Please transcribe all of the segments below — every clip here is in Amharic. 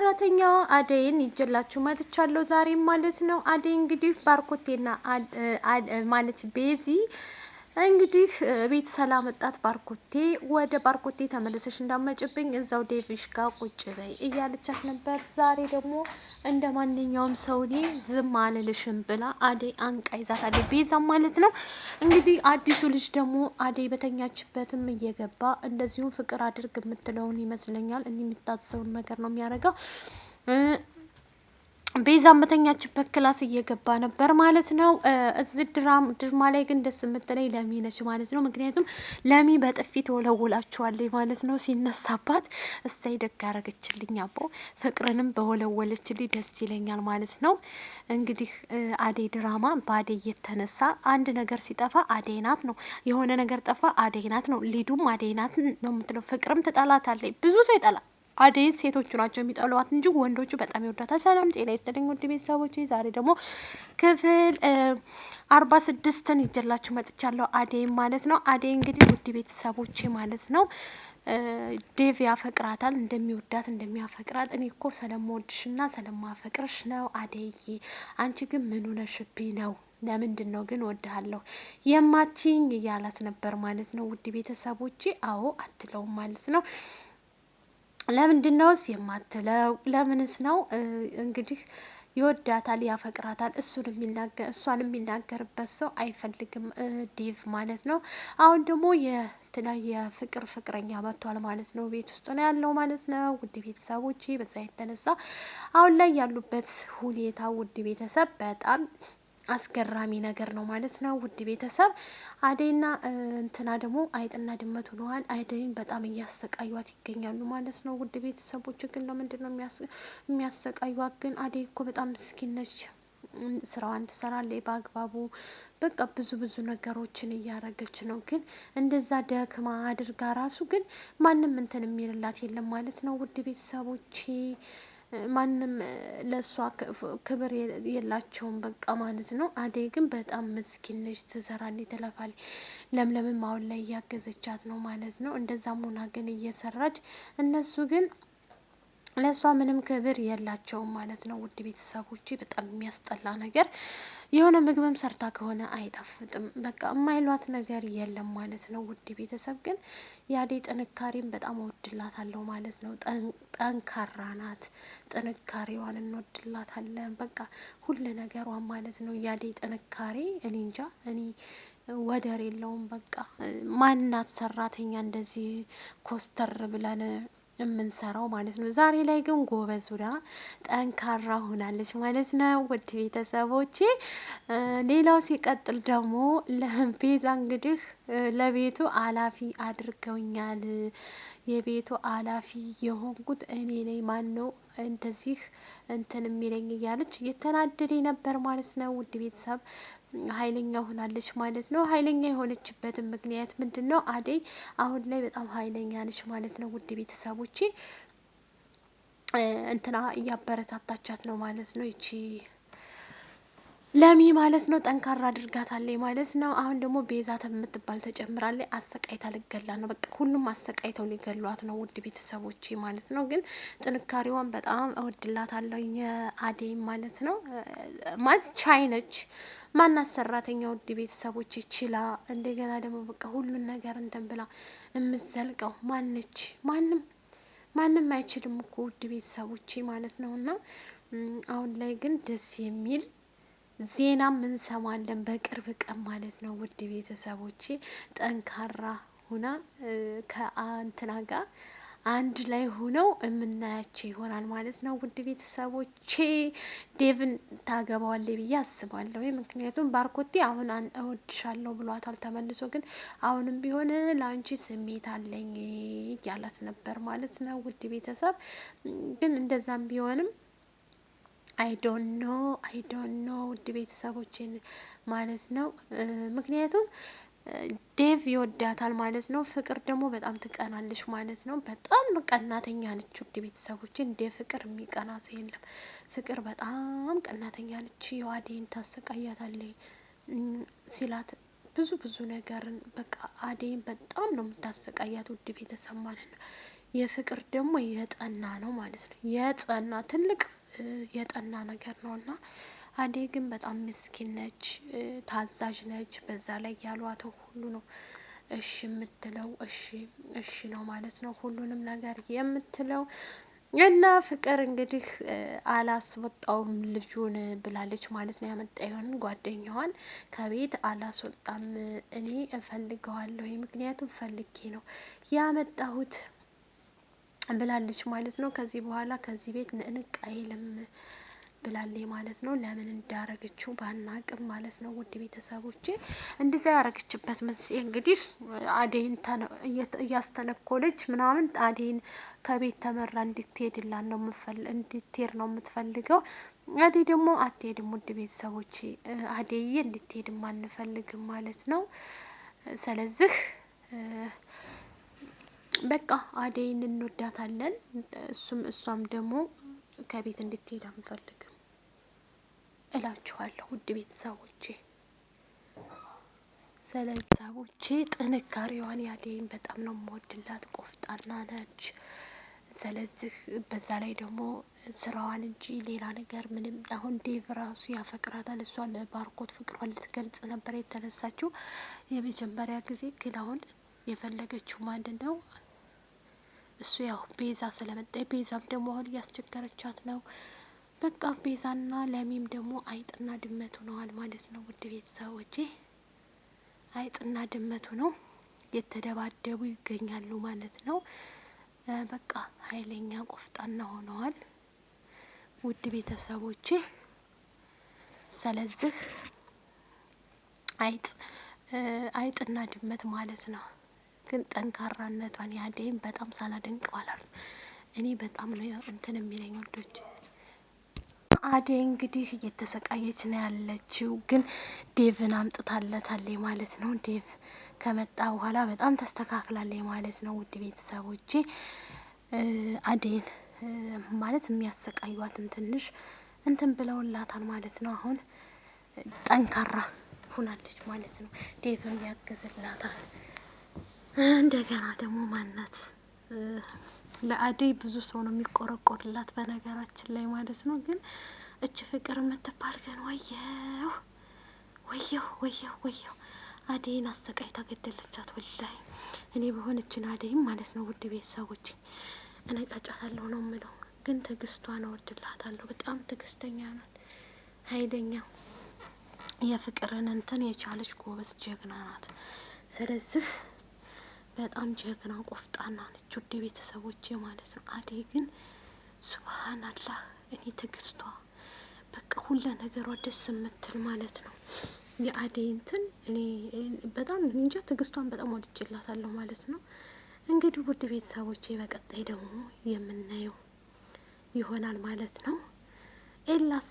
ሰራተኛዋ አደይን ይጀላችሁ መጥቻለሁ ዛሬ ማለት ነው። አደይ እንግዲህ ባርኮቴና ማለት ቤዚ እንግዲህ ቤት ሰላም መጣት ባርኮቴ ወደ ባርኮቴ ተመለሰሽ እንዳመጭብኝ እዛው ዴቪሽ ጋር ቁጭ በይ እያለቻት ነበር። ዛሬ ደግሞ እንደ ማንኛውም ሰው እኔ ዝም አልልሽም ብላ አደይ አንቃ ይዛታለች፣ ቤዛ ማለት ነው። እንግዲህ አዲሱ ልጅ ደግሞ አደይ በተኛችበትም እየገባ እንደዚሁም ፍቅር አድርግ የምትለውን ይመስለኛል እኔ የሚታዘውን ነገር ነው የሚያደርገው። ቤዛ መተኛችበት ክላስ እየገባ ነበር ማለት ነው። እዚ ድራም ድርማ ላይ ግን ደስ የምትለኝ ለሚ ነች ማለት ነው። ምክንያቱም ለሚ በጥፊት ወለወላችኋለች ማለት ነው። ሲነሳባት እሳይ ደግ አረገችልኝ አቦ ፍቅርንም በወለወለችልኝ ደስ ይለኛል ማለት ነው። እንግዲህ አደይ ድራማ በአደይ የተነሳ አንድ ነገር ሲጠፋ አደይ ናት ነው የሆነ ነገር ጠፋ አደይ ናት ነው ሊዱም አደይ ናት ነው የምትለው። ፍቅርም ትጠላታለች ብዙ ሰው ይጠላል አደይን ሴቶቹ ናቸው የሚጠሏት እንጂ ወንዶቹ በጣም ይወዳታል። ሰላም ጤና ይስጥልኝ ውድ ቤተሰቦች፣ ዛሬ ደግሞ ክፍል አርባ ስድስትን ይጀላችሁ መጥቻለሁ። አደይን ማለት ነው። አደይ እንግዲህ ውድ ቤተሰቦች ማለት ነው ዴቭ ያፈቅራታል። እንደሚወዳት እንደሚያፈቅራት እኔ እኮ ስለምወድሽና ስለማፈቅርሽ ነው አደይዬ፣ አንቺ ግን ምን ሆነሽብኝ ነው? ለምንድን ነው ግን ወድሃለሁ የማትይኝ እያላት ነበር ማለት ነው። ውድ ቤተሰቦቼ አዎ አትለውም ማለት ነው። ለምንድን ነውስ የማትለው? ለምንስ ነው እንግዲህ ይወዳታል፣ ያፈቅራታል። እሱን የሚናገር እሷን የሚናገርበት ሰው አይፈልግም ዴቭ ማለት ነው። አሁን ደግሞ የተለያየ የፍቅር ፍቅረኛ መጥቷል ማለት ነው። ቤት ውስጥ ነው ያለው ማለት ነው። ውድ ቤተሰቦች በዛ የተነሳ አሁን ላይ ያሉበት ሁኔታ ውድ ቤተሰብ በጣም አስገራሚ ነገር ነው ማለት ነው። ውድ ቤተሰብ አደይና እንትና ደግሞ አይጥና ድመት ሆነዋል። አደይን በጣም እያሰቃዩት ይገኛሉ ማለት ነው። ውድ ቤተሰቦች ግን ለምንድን ነው የሚያሰቃዩት? ግን አደይ እኮ በጣም ምስኪን ነች። ስራዋን ትሰራለች በአግባቡ። በቃ ብዙ ብዙ ነገሮችን እያረገች ነው። ግን እንደዛ ደክማ አድርጋ ራሱ ግን ማንም እንትን የሚልላት የለም ማለት ነው። ውድ ቤተሰቦቼ ማንም ለእሷ ክብር የላቸውም በቃ ማለት ነው። አደይ ግን በጣም ምስኪን ነች፣ ትሰራለች፣ ትለፋለች። ለምለምም አሁን ላይ እያገዘቻት ነው ማለት ነው። እንደዛ ሙና ግን እየሰራች እነሱ ግን ለእሷ ምንም ክብር የላቸውም ማለት ነው። ውድ ቤተሰቦች በጣም የሚያስጠላ ነገር የሆነ ምግብም ሰርታ ከሆነ አይጣፍጥም። በቃ የማይሏት ነገር የለም ማለት ነው። ውድ ቤተሰብ ግን ያዴ ጥንካሬም በጣም እወድላታለሁ ማለት ነው። ጠንካራ ናት፣ ጥንካሬዋን እንወድላታለን። በቃ ሁሉ ነገሯን ማለት ነው። ያዴ ጥንካሬ እኔ እንጃ እኔ ወደር የለውም። በቃ ማናት ሰራተኛ እንደዚህ ኮስተር ብለን የምንሰራው ማለት ነው። ዛሬ ላይ ግን ጎበዝ ሁና ጠንካራ ሆናለች ማለት ነው። ውድ ቤተሰቦች፣ ሌላው ሲቀጥል ደግሞ ለቤዛ እንግዲህ ለቤቱ አላፊ አድርገውኛል። የቤቱ አላፊ የሆንኩት እኔ ነኝ። ማን ነው እንደዚህ እንትን የሚለኝ እያለች እየተናደደ ነበር ማለት ነው። ውድ ቤተሰብ ኃይለኛ ሆናለች ማለት ነው። ኃይለኛ የሆነችበትን ምክንያት ምንድን ነው? አደይ አሁን ላይ በጣም ኃይለኛ ነች ማለት ነው። ውድ ቤተሰቦቼ እንትና እያበረታታቻት ነው ማለት ነው ይቺ ለሚ ማለት ነው ጠንካራ አድርጋታለች ማለት ነው። አሁን ደግሞ ቤዛ የምትባል ተጨምራለች። አሰቃይታ ልገላ ነው በቃ ሁሉም አሰቃይተው ሊገሏት ነው። ውድ ቤተሰቦች ማለት ነው። ግን ጥንካሬዋን በጣም እወድላታለሁ የአዴይ ማለት ነው። ማለት ነች። ማናት ሰራተኛ ውድ ቤተሰቦች ይችላ እንደገና ደግሞ በቃ ሁሉን ነገር እንትን ብላ የምትዘልቀው ማነች? ማንም ማንም አይችልም እኮ ውድ ቤተሰቦች ማለት ነው። እና አሁን ላይ ግን ደስ የሚል ዜና እንሰማለን በቅርብ ቀን ማለት ነው። ውድ ቤተሰቦቼ ጠንካራ ሁና ከአንትና ጋር አንድ ላይ ሆነው የምናያቸው ይሆናል ማለት ነው። ውድ ቤተሰቦቼ ዴቭን ታገባዋለ ብዬ አስባለሁ። ምክንያቱም ባርኮቴ አሁን እወድሻለሁ ብሏታል። ተመልሶ ግን አሁንም ቢሆን ለአንቺ ስሜት አለኝ እያላት ነበር ማለት ነው። ውድ ቤተሰብ ግን እንደዛም ቢሆንም አይ ዶንት ኖ አይ ዶንት ኖ ውድ ቤተሰቦችን ማለት ነው። ምክንያቱም ዴቭ ይወዳታል ማለት ነው። ፍቅር ደግሞ በጣም ትቀናለች ማለት ነው። በጣም ቀናተኛ ነች። ውድ ቤተሰቦችን ዴቭ ፍቅር የሚቀና ሰው የለም። ፍቅር በጣም ቀናተኛ ነች። የዋዴን ታሰቃያታለች ሲላት ብዙ ብዙ ነገርን በቃ አዴን በጣም ነው የምታሰቃያት ውድ ቤተሰብ ማለት ነው። የፍቅር ደግሞ የጸና ነው ማለት ነው። የጸና ትልቅ የጠና ነገር ነው እና አዴ ግን በጣም ምስኪን ነች፣ ታዛዥ ነች። በዛ ላይ ያሏትን ሁሉ ነው እሺ የምትለው። እሺ እሺ ነው ማለት ነው ሁሉንም ነገር የምትለው እና ፍቅር እንግዲህ አላስወጣውም ልጁን ብላለች ማለት ነው። ያመጣ ጓደኛዋን ከቤት አላስወጣም እኔ እፈልገዋለሁ፣ ምክንያቱም ፈልጌ ነው ያመጣሁት ብላለች ማለት ነው። ከዚህ በኋላ ከዚህ ቤት ንንቅ አይልም ብላለች ማለት ነው። ለምን እንዳረገችው ባናቅም ማለት ነው። ውድ ቤተሰቦቼ እንደዛ ያረገችበት መንስኤ እንግዲህ አደይን እያስተነኮለች ምናምን አደይን ከቤት ተመራ እንድትሄድላ ነው እንድትሄድ ነው የምትፈልገው። አደይ ደግሞ አትሄድም። ውድ ቤተሰቦቼ አደይ እንድትሄድም አንፈልግም ማለት ነው። ስለዚህ በቃ አደይን እንወዳታለን። እሱም እሷም ደግሞ ከቤት እንድትሄድ አንፈልግም እላችኋለሁ ውድ ቤተሰቦቼ። ስለዛቦቼ ጥንካሬዋን ያደይን በጣም ነው የምወድላት። ቆፍጣና ነች። ስለዚህ በዛ ላይ ደግሞ ስራዋን እንጂ ሌላ ነገር ምንም። አሁን ዴቭ ራሱ ያፈቅራታል። እሷ ለባርኮት ፍቅሯን ልትገልጽ ነበር የተነሳችው የመጀመሪያ ጊዜ። ግን አሁን የፈለገችው ማንድ ነው እሱ ያው ቤዛ ስለመጣ ቤዛም ደግሞ አሁን እያስቸገረቻት ነው። በቃ ቤዛና ለሚም ደግሞ አይጥና ድመት ሆነዋል ማለት ነው። ውድ ቤተሰቦቼ አይጥና ድመቱ ነው የተደባደቡ ይገኛሉ ማለት ነው። በቃ ኃይለኛ ቆፍጣና ሆነዋል ውድ ቤተሰቦቼ። ስለዚህ አይጥ አይጥና ድመት ማለት ነው። ግን ጠንካራነቷን የአደይም በጣም ሳላደንቅ ባላል። እኔ በጣም ነው እንትን የሚለኝ ወልዶች አዴ እንግዲህ እየተሰቃየች ነው ያለችው። ግን ዴቭን አምጥታለታለ ማለት ነው። ዴቭ ከመጣ በኋላ በጣም ተስተካክላለች ማለት ነው። ውድ ቤተሰቦቼ አዴን ማለት የሚያሰቃዩትን ትንሽ እንትን ብለውላታል ማለት ነው። አሁን ጠንካራ ሁናለች ማለት ነው። ዴቭም ያግዝላታል። እንደገና ደግሞ ማናት ለአደይ ብዙ ሰው ነው የሚቆረቆርላት በነገራችን ላይ ማለት ነው። ግን እች ፍቅር የምትባል ግን ወየው ወየው ወየው ወየው አደይን አሰቃይታ ገደለቻት። ወላይ እኔ በሆነችን አደይም ማለት ነው ውድ ቤተሰቦች እነጫጫታለሁ ነው ምለው። ግን ትዕግስቷን እወድላታለሁ። በጣም ትዕግስተኛ ናት፣ ኃይለኛ የፍቅርን እንትን የቻለች ጎበዝ ጀግና ናት። ስለዚህ በጣም ጀግና ቆፍጣና ነች። ውድ ቤተሰቦቼ ማለት ነው። አደይ ግን ሱብሃን አላህ እኔ ትግስቷ በቃ ሁለ ነገሯ ደስ የምትል ማለት ነው። የአደይ እንትን እኔ በጣም እንጃ ትግስቷን በጣም ወድጄላታለሁ ማለት ነው። እንግዲህ ውድ ቤተሰቦቼ በቀጣይ ደግሞ የምናየው ይሆናል ማለት ነው። ኤላስ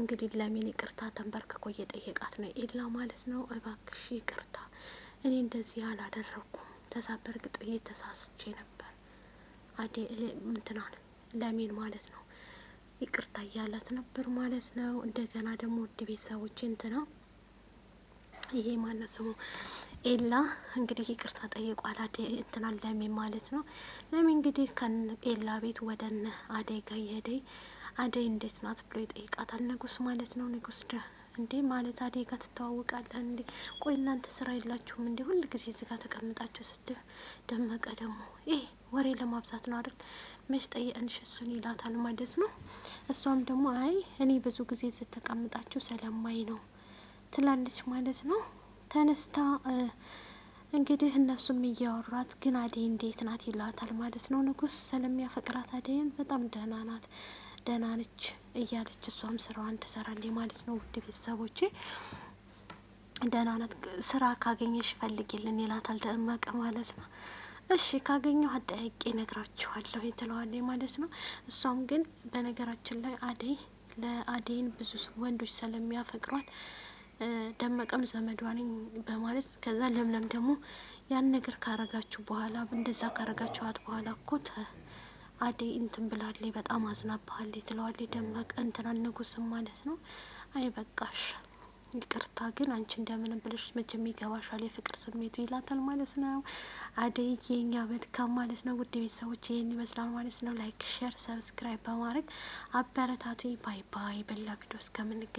እንግዲህ ለሚን ይቅርታ ተንበርክኮ እየጠየቃት ነው ኤላ ማለት ነው። እባክሽ ይቅርታ እኔ እንደዚህ አላደረግኩም ከዛ በእርግጥ እየተሳስቼ ነበር። አዴ ምንትናን ለሚን ማለት ነው ይቅርታ እያላት ነበር ማለት ነው። እንደገና ደግሞ ውድ ቤተሰቦች እንትና ይሄ ማነው ስሙ ኤላ እንግዲህ ይቅርታ ጠይቋል። አዴ እንትናን ለሚን ማለት ነው። ለሚን እንግዲህ ከኤላ ቤት ወደ እነ አዴ ጋ የሄደ አዴ እንዴት ናት ብሎ ይጠይቃታል ንጉስ ማለት ነው ንጉስ እንዴ ማለት አዴ ጋር ትተዋወቃለህ እንዴ? ቆይ እናንተ ስራ የላችሁም እንዴ? ሁል ጊዜ እዚህ ጋር ተቀምጣችሁ ስትል ደመቀ ደግሞ ይህ ወሬ ለማብዛት ነው አይደል? መች ጠየቅንሽ እሱን ይላታል ማለት ነው። እሷም ደግሞ አይ እኔ ብዙ ጊዜ ስትቀምጣችሁ ሰለማይ ነው ትላለች ማለት ነው። ተነስታ እንግዲህ እነሱም እያወራት ግን አደይ እንዴት ናት ይላታል ማለት ነው። ንጉስ ስለሚያፈቅራት አደይም በጣም ደህና ናት፣ ደህና ነች እያለች እሷም ስራዋን ትሰራለች ማለት ነው። ውድ ቤተሰቦቼ ደህና ናት። ስራ ካገኘሽ ፈልጊልን ይላታል ደመቀ ማለት ነው። እሺ ካገኘሁ አጠያቂ ነግራችኋለሁ ትለዋለች ማለት ነው። እሷም ግን በነገራችን ላይ አደይ ለአደይን ብዙ ወንዶች ስለሚያፈቅሯት ደመቀም ዘመዷ ነኝ በማለት ከዛ ለምለም ደግሞ ያን ነገር ካረጋችሁ በኋላ እንደዛ ካረጋችኋት በኋላ እኮ አደይ እንትን ብላለች፣ በጣም አዝናባሃለች ትለዋለች። ደመቀ እንትና ንጉስም ማለት ነው። አይ በቃሽ ይቅርታ፣ ግን አንቺ እንደምንም ብለሽ መቼም ይገባሻል የፍቅር ስሜቱ ይላታል ማለት ነው። አደይ የኛ መልካም ማለት ነው። ውድ ቤተሰቦች ይህን ይመስላል ማለት ነው። ላይክ፣ ሼር፣ ሰብስክራይብ በማድረግ አበረታቱ። ባይ ባይ። በላ ቪዲዮ እስከምንገ